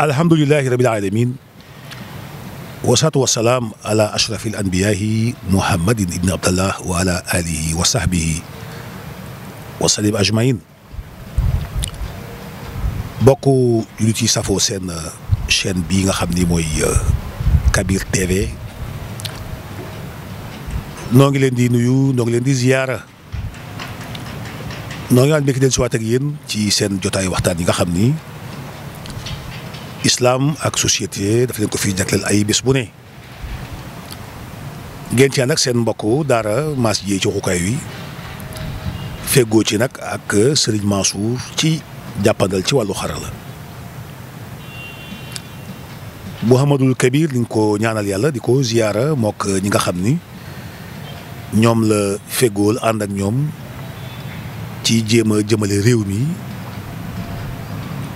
alhamdulilahi rabil alamin wasalaatu wasalaam ala ashraf al anbiyahi muhammadin ibni abdallah wa ala alihi wa sahbihi wa salim ajmain bokk jullit yi safoo seen uh, chaîne bii nga xam ni mooy uh, Kabir TV noo ngi leen di nuyu noo ngi leen di ziyaara noo ngi aan mbékki deen si waat ak yéen ci seen jotaay waxtaan yi nga xam ni islaam ak société daf leen ko fi jagleel ay bés bu ne ngeen ci ànd seen mbokk daara Mass Dieye ci waxukaay wi feggoo ci nag ak Serigne Mansour ci jàppandal ci wàllu xarala Mouhamadul Kabir di nga ko ñaanal yàlla di ko ziyaara mook ñi nga xam ni ñoom la feggool ànd ak ñoom ci jéem a jëmale réew mi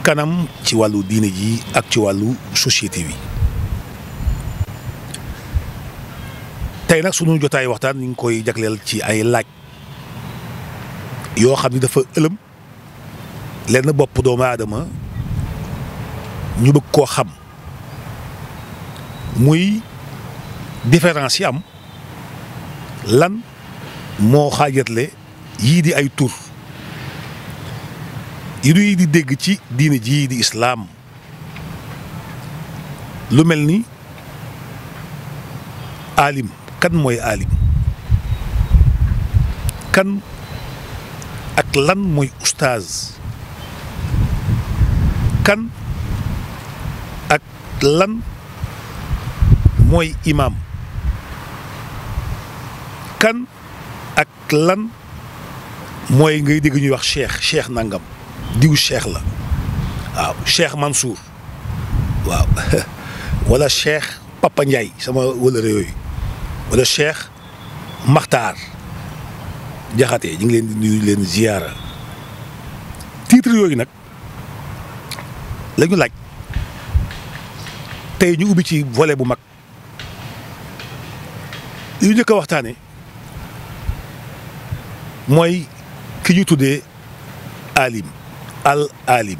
kanam ci wàllu diine ji ak ci wàllu société bi tey nag sunu jotaay waxtaan yi ngi koy jagleel ci ay laaj yoo xam ni dafa ëlëm lenn bopp doomu aadama ñu bëgg koo xam muy différence yi am lan moo xaajatle yii di ay tur yi nuy di dégg ci diine jii di islaam lu mel ni aalim kan mooy aalim kan ak lan mooy ustaaz kan ak lan mooy imaam kan ak lan mooy ngay dégg ñuy wax cheikh cheikh nangam diw cheikh la waaw cheikh Mansour waaw wala cheikh Papa Ndiaye sama wëlëre yooyu walla cheikh Makhtar Jaxate ñu ngi leen di nuyu leen ziyaara titre yooyu nag lañu ñu laaj tey ñu ubbi ci volet bu mag yu njëkk a waxtaane mooy ki ñu tuddee alim al alim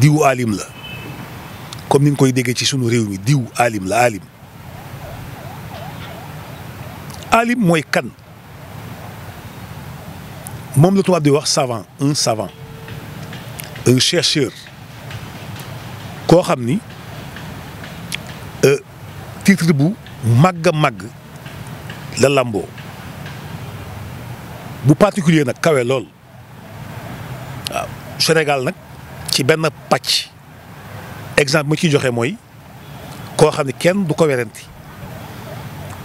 diw alim la comme ni nga koy déggee ci sunu réew mi diw alim la alim alim mooy kan moom la tubaab di wax savant un savant un chercheur koo xam ni euh, titre bu màgg a màgg la làmboo bu particulier nag kawe lool Sénégal nag ci benn pàcc exemple mu ciy joxe mooy koo xam ne kenn du ko werante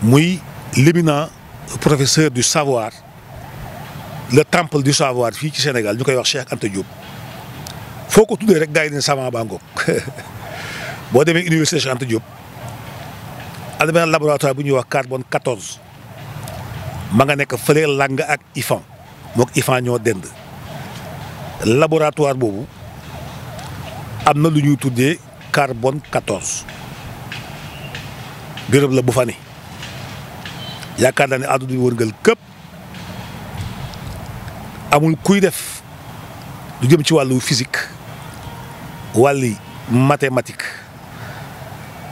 muy l'éminent professeur du savoir le temple du savoir fii ci Sénégal ñu koy wax Cheikh Anta Diop foo ko tuddee rek gars yi ne savant baa ngoog boo demee université Cheikh Anta Diop am laboratoire bu ñuy wax carbone 14 ma nga nekk fële lang ak IFAN mook IFAN ñoo dend. laboratoire boobu am na lu ñuy tuddee carbone 14 gërëb la bu fa ne yaakaar naa ne àdduna wërngal këpp amul kuy def lu jëm ci wàllu physique wàlli mathématique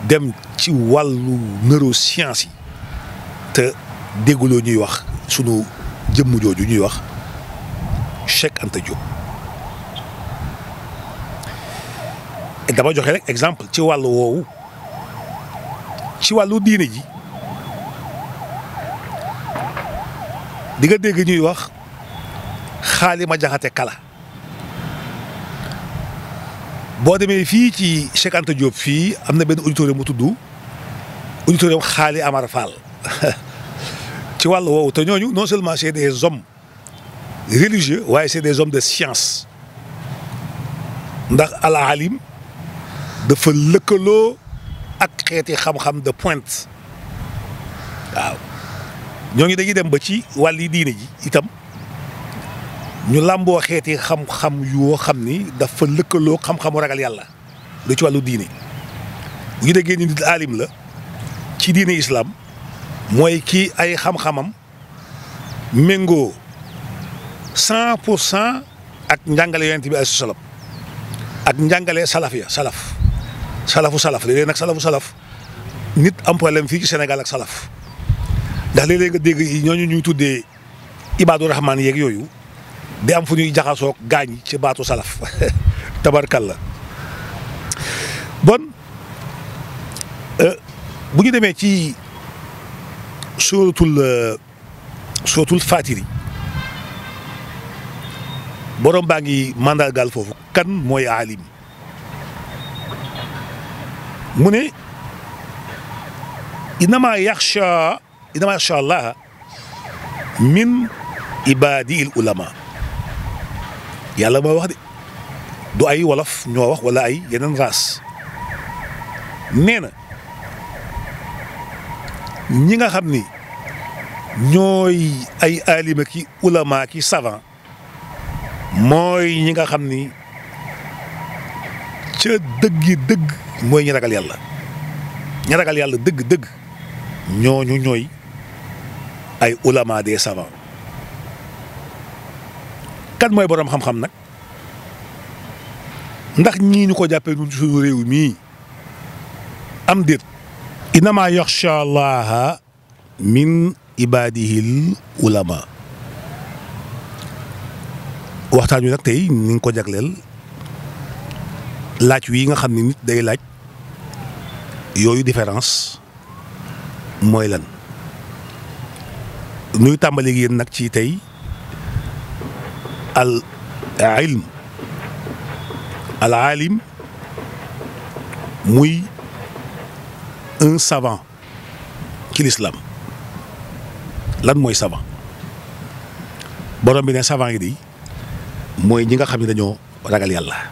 dem ci wàllu neurosciences yi te dégguloo ñuy wax sunu jëmm jooju ñuy wax Cheikh Anta Diop. dama joxe rek exemple ci wàllu woowu ci wàllu diine ji di nga dégg ñuy wax xaalima jaxate kala boo demee fii ci Cheikh Anta fii am na benn auditorium mu tudd auditorium xaali Amar Fall ci wàllu woowu te ñooñu non seulement c'est des hommes religieux waaye c'est des hommes de science ndax al alim dafa lëkkaloo ak xeeti xam-xam de pointe waaw ñooñu dañuy dem ba ci wàlli diine ji itam ñu làmboo xeeti xam-xam yoo xam ni dafa lëkkaloo xam-xamu ragal yàlla lu ci wàllu diine bu ñu déggee ni nit aalim la ci diine islam mooy kii ay xam-xamam méngoo cent pour cent ak njàngale yonent bi ay salam ak njàngale salaf ya salaf salafu salaf léeg nag salafu salaf nit am problème fii ci Sénégal ak salaf ndax léeg nga dégg ñooñu ñuy tuddee ibaadu rahmaan yeeg yooyu di am fu ñuy jaxasoog gaañ ci baatu salaf la bon euh, bu ñu demee ci suratul euh, suratul boroom baa ngi mandargaal foofu kan mooy aalim mu ne innama yaxsha innama yaxsha allah min ibaadi il ulama yàlla moo wax de du ay wolof ñoo wax wala ay yeneen raas nee na ñi nga xam ni ñooy ay alima ki ulama ki savant mooy ñi nga xam ni ca dëggi dëgg mooy ñi ragal yàlla ña ragal yàlla dëgg dëgg ñooñu ñooy ay ulama des savants kan mooy borom xam-xam nag ndax ñii ñu ko jàppee ñun suñu réew mi am déet inama yaxsha allaha min ibadihil ulama waxtaan wi nag tey ñu ngi ko jagleel laaj wi nga xam ni nit day laaj yooyu différence mooy lan nuy tàmbali ak yéen nag ci tey al ilm al alim muy un savant ci l'islam lan mooy savant borom bi ne savant yi di mooy ñi nga xam ne dañoo ragal yàlla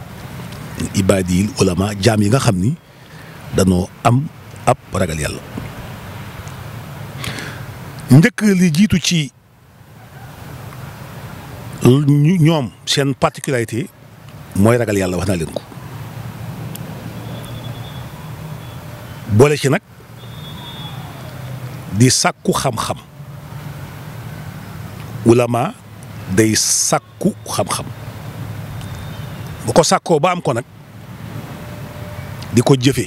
ibaadil ulama jaam yi nga xam ni danoo am ab ragal yàlla njëkk li jiitu ci ñoom seen particularité mooy ragal yàlla wax na leen ko boole si nag di sàkku xam-xam ulama day sàkku xam-xam bu ko sàkkoo ba am ko nag di ko jëfe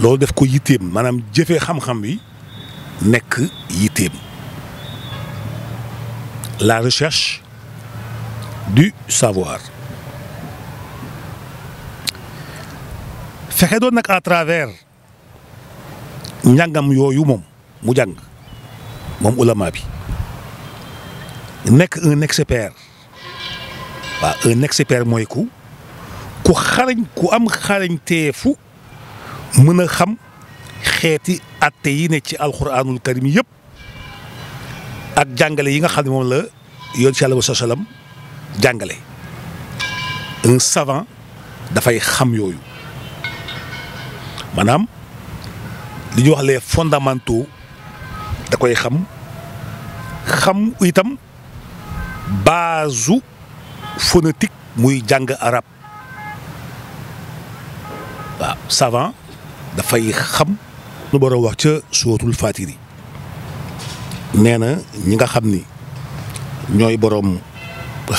loolu def ko yitteem maanaam jëfee xam-xam bi nekk yitteem la recherche du savoir fexe doon nag à travers njàngam yooyu moom mu jàng moom ulama bi nekk un expert waaw un expert mooy ku ku xarañ ku am xarañteefu mën a xam xeeti atte yi ne ci alxuraanul karim yëpp ak jàngale yi nga xam ne moom la yoon ci Yàlla ba sosalam jàngale un savant dafay xam yooyu maanaam li ñuy wax les fondamentaux da koy xam xam itam base phonétique muy jàng arab waaw savant dafay xam lu borom wax ca sootul faatiri nee na ñi nga xam ni ñooy boroom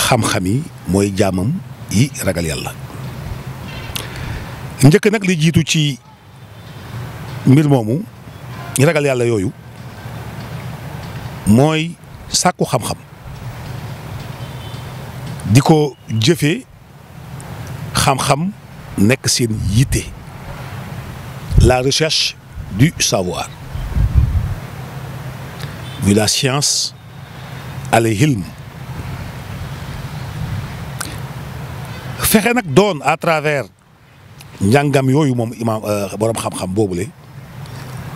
xam-xam yi mooy jaamam yi ragal yàlla njëkk nag li jiitu ci mbir moomu ragal yàlla yooyu mooy sàkku xam-xam di ko jëfee xam-xam nekk seen yitte la recherche du savoir. Vu la science, al-hilm. fexe nag doon à travers njàngam yooyu moom imaam euh, borom xam-xam boobule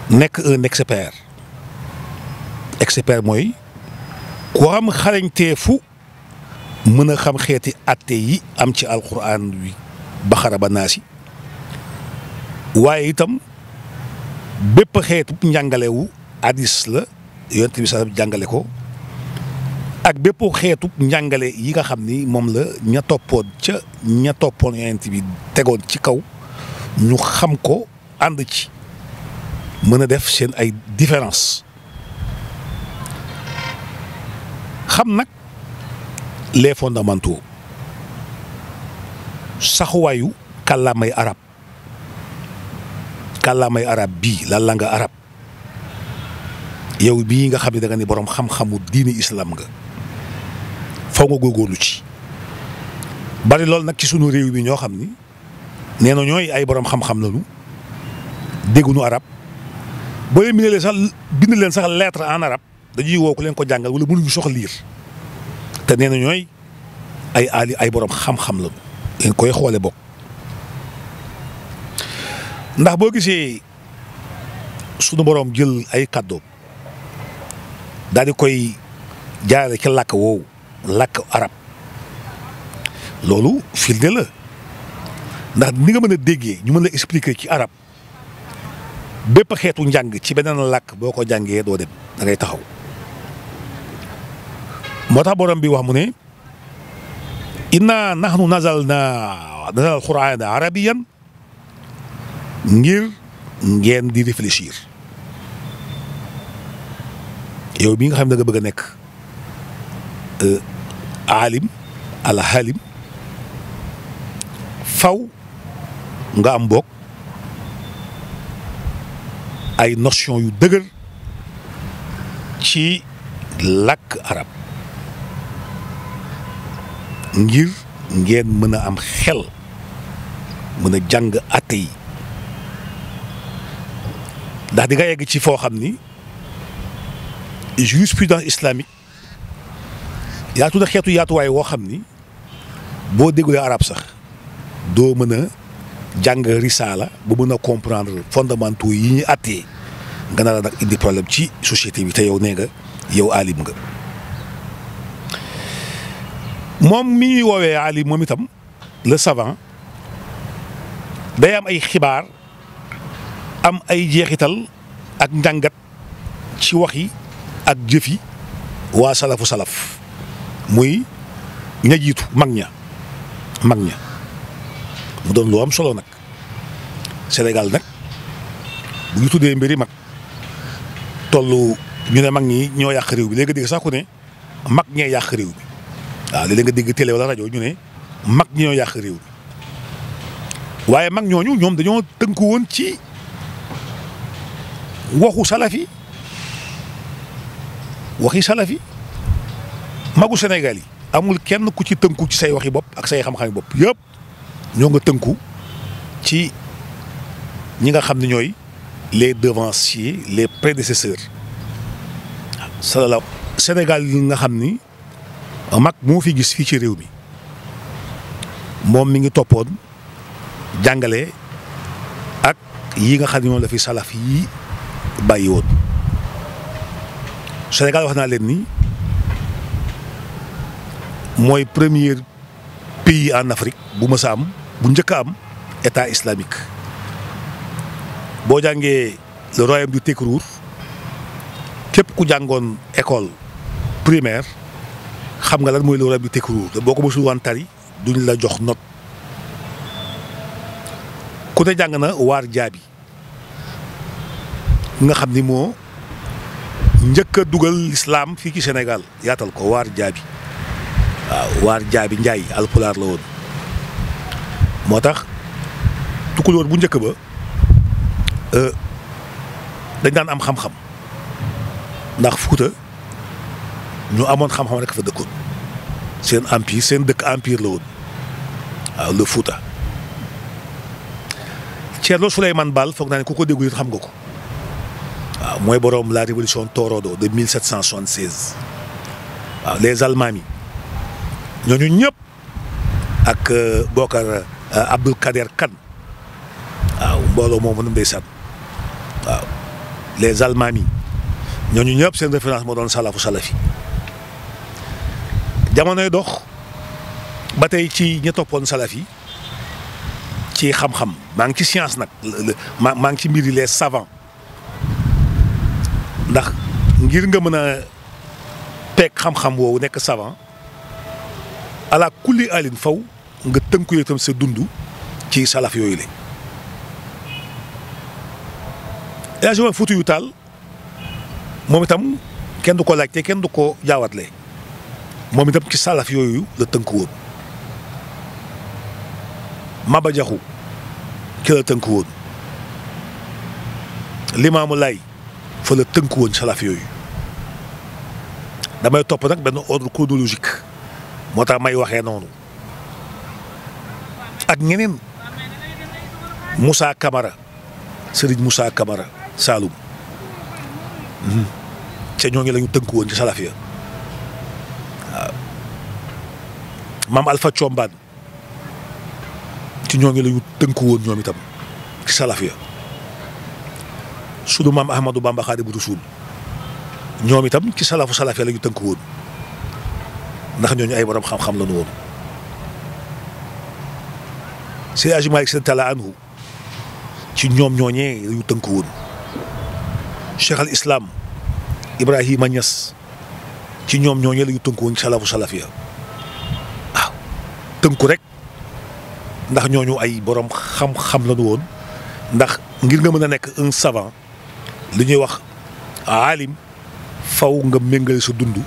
nekk un expert expert mooy ku xam xarañteefu mën a xam xeeti atte yi am ci alquran bi baxara ba naasi waaye itam bépp xeetu njàngalewu hadis la yonent bi sax jàngale ko ak bépp xeetu njàngale yi nga xam ni moom la ña toppoon ca ña toppoon yonent bi tegoon ci kaw ñu xam ko ànd ci mën a def seen ay différence xam nag les fondamentaux saxuwaayu kàllaamay arab kàllaamay arab bii la langue arab yow bii nga xam ne da nga ni borom xam-xamu diini islam nga faw nga góorgóorlu ci bari loolu nag ci sunu réew bi ñoo xam ni nee na ñooy ay boroom xam-xam lañu dégguñu arab boo leen bindee sax bind leen sax lettre en arabe dañuy woo leen ko jàngal wala mënuñu soxla liir te nee na ñooy ay ali ay boroom xam-xam lañu leen koy xoole bokk. ndax boo gisee sunu boroom jël ay kàddoom daal koy jaarale ci làkk woowu làkk arab loolu firnde la ndax ni nga mën a déggee ñu mën la expliquer ci arab bépp xeetu njàng ci beneen làkk boo ko jàngee doo dem da taxaw moo tax boroom bi wax mu ne inna nahnu nazalna nazal qur'ana arabiyan ngir ngeen di réfléchir yow bi nga xam ne da nga bëgg a nekk euh, alim ala faw nga am bokk ay notion yu dëgër ci làkk arab ngir ngeen mën a am xel mën a jàng atte ndax di nga yegg ci foo xam ni jurisprudence islamique yaatu na xeetu yaatuwaay woo xam ni boo déggulee arab sax doo mën a jàng risaala ba mën a comprendre fondamentaux yi ñu àttee nga nar a nag indi problème ci société bi te yow nee nga yow alim nga moom mi woowee alim moom itam le savant day am ay xibaar am ay jeexital ak njàngat ci wax yi ak jëf yi waa salafu salaf muy ña jiitu mag ña mag ña mu doon lu am solo nag Sénégal nag bu tuddee mbiri mag tollu ñu ne mag ñi ñoo yàq réew bi léegi dégg sax ku ne mag ñee yàq réew bi waaw léeg nga dégg télé wala rajo ñu ne mag ñi ñoo yàq réew bi waaye mag ñooñu ñoom dañoo tënku woon ci waxu salafi waxi salafi magu Sénégal yi amul kenn ku ci tënku ci say waxi bopp ak say xam-xami bopp yëpp ñoo nga tënku ci ñi nga xam ne ñooy les devanciers les prédécesseurs salala Sénégal yi nga xam ni mag moo fi gis fii ci réew mi moom mi ngi toppoon jàngale ak yi nga xam ne moom la fi salaf bàyyi woon Sénégal wax naa leen nii mooy première pays en Afrique bu mës a am bu njëkk am état islamique boo jàngee le royaume du Tekruur képp ku jàngoon école primaire xam nga la mooy le royaume du Tekruur boo ko mosul waan tari duñ la jox note ku ne jàng na waar jaabi nga xam ni moo njëkk a dugal lislaam fii ci Sénégal yaatal ko waar jaabi waaw waar jaabi njaay alpulaar la woon moo tax tukulóor bu njëkk ba euh, dañ daan am xam-xam ndax Fuuta ñu amoon xam-xam rek fa dëkkoon seen empire seen dëkk empire la woon waaw le Fuuta Thierno Souleymane Baal foog naa ne ku ko déglu xam nga ko waaw ah, mooy boroom la révolution Torodo de 1776 waaw ah, les Almaami ñooñu ñëpp ak euh, Bokar euh, Abdul Kader Kan waaw ah, mbooloo moomu nu mu ndeysaan waaw les Almaami ñooñu ñëpp seen référence moo doon salafu salafi jamonoy dox ba tey ci ña toppoon ci xam-xam maa ngi ci science nag maa ci mbiri les savants. ndax ngir nga mën a teg xam-xam woowu nekk savant ala kulli alin faw nga tënku yow itam sa dund ci salaf yooyu la El Hadj Omar Foutiyou moom itam kenn du ko laajte kenn du ko jaawatle moom itam ci salaf yooyu la tënku woon Maba Jaxu ci la tënku woon Limaamu Laay fa la tënku woon yooyu damay topp nag benn ordre chronologique moo tax may waxee noonu ak ñeneen Moussa Camara Serigne Moussa Camara Saloum hmm. ca ñooñu la ñu tënku woon ci salaf ya waaw maam Alpha ci ñooñu la ñu tënku ci salaf sunu maam Ahmadou Bamba Xaadimu Rasuul ñoom itam ci salaafu salaaf la ñu tënk woon ndax ñooñu ay boroom xam-xam la woon. ñoom ñooñee la ñu tënk woon Cheikh ci ñoom ñooñee la ñu tënk woon tënku rek ndax ñooñu ay borom xam-xam woon ndax ngir nga mën a nekk un savant. li ñuy wax aalim faw nga méngale sa dund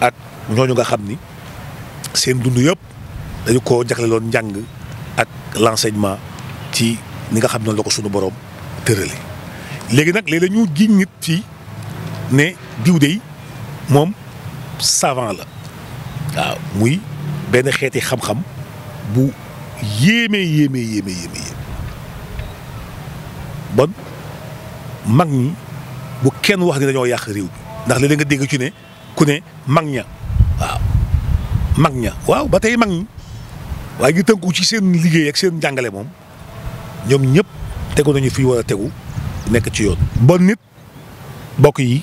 ak ñooñu nga xam ni seen dund yëpp dañu ko jagleeloon njàng ak l'enseignement ci ni nga xam ne la ko sunu borom tërale léegi nag léeg ñu jiñ nit ci ne diw dey moom savant la waaw muy benn xeeti xam-xam bu yéeme yéeme yéeme yéeme yéeme bon mag ñi bu kenn wax ni dañoo yàq réew bi ndax léeg nga dégg ci ne ku ne mag ña waaw mag ña waaw ba tey mag ñi waaye ñu tënku ci seen liggéey ak seen jàngale moom ñoom ñëpp tegu nañu fi war a tegu nekk ci yoon. bon nit bokk yi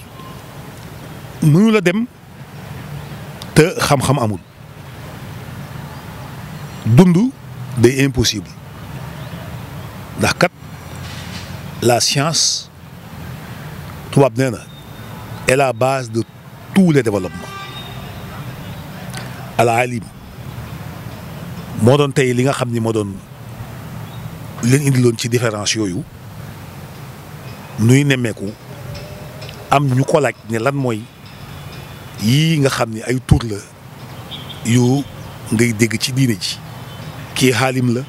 mënu la dem te xam-xam amul dund day impossible ndax kat la science. tubaab nee na est la base de tous les développements al moo doon tey li nga xam ni moo doon leen indiloon ci différence yooyu nuy nemmeeku am ñu ko laaj ne lan mooy yii nga xam ni ay tur la yu ngay dégg ci diine ji kii xaalim la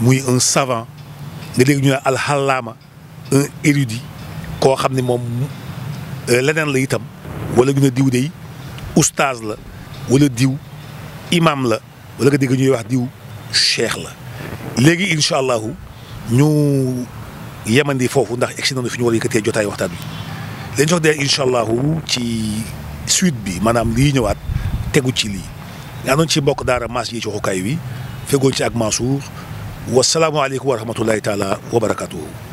muy un savant nga dégg ñu ne alxalaama un érudit koo xam ne moom euh, leneen la itam wala ñu ne diw dey oustaz la wala diw imam la wala nga dégg ñuy wax diw cheikh la léegi incha allahu ñu yemandi foofu ndax egsi nañu fi ñu war a yëkkatee jotaay waxtaan bi leen jox dee incha allahu ci suite bi maanaam lii ñëwaat tegu ci lii nga andoon ci mbokk daara maas yi ci waxukaay wi fegoon ci ak Mansour wasalaamualeykum wa rahmatullahi taala wa barakatuhu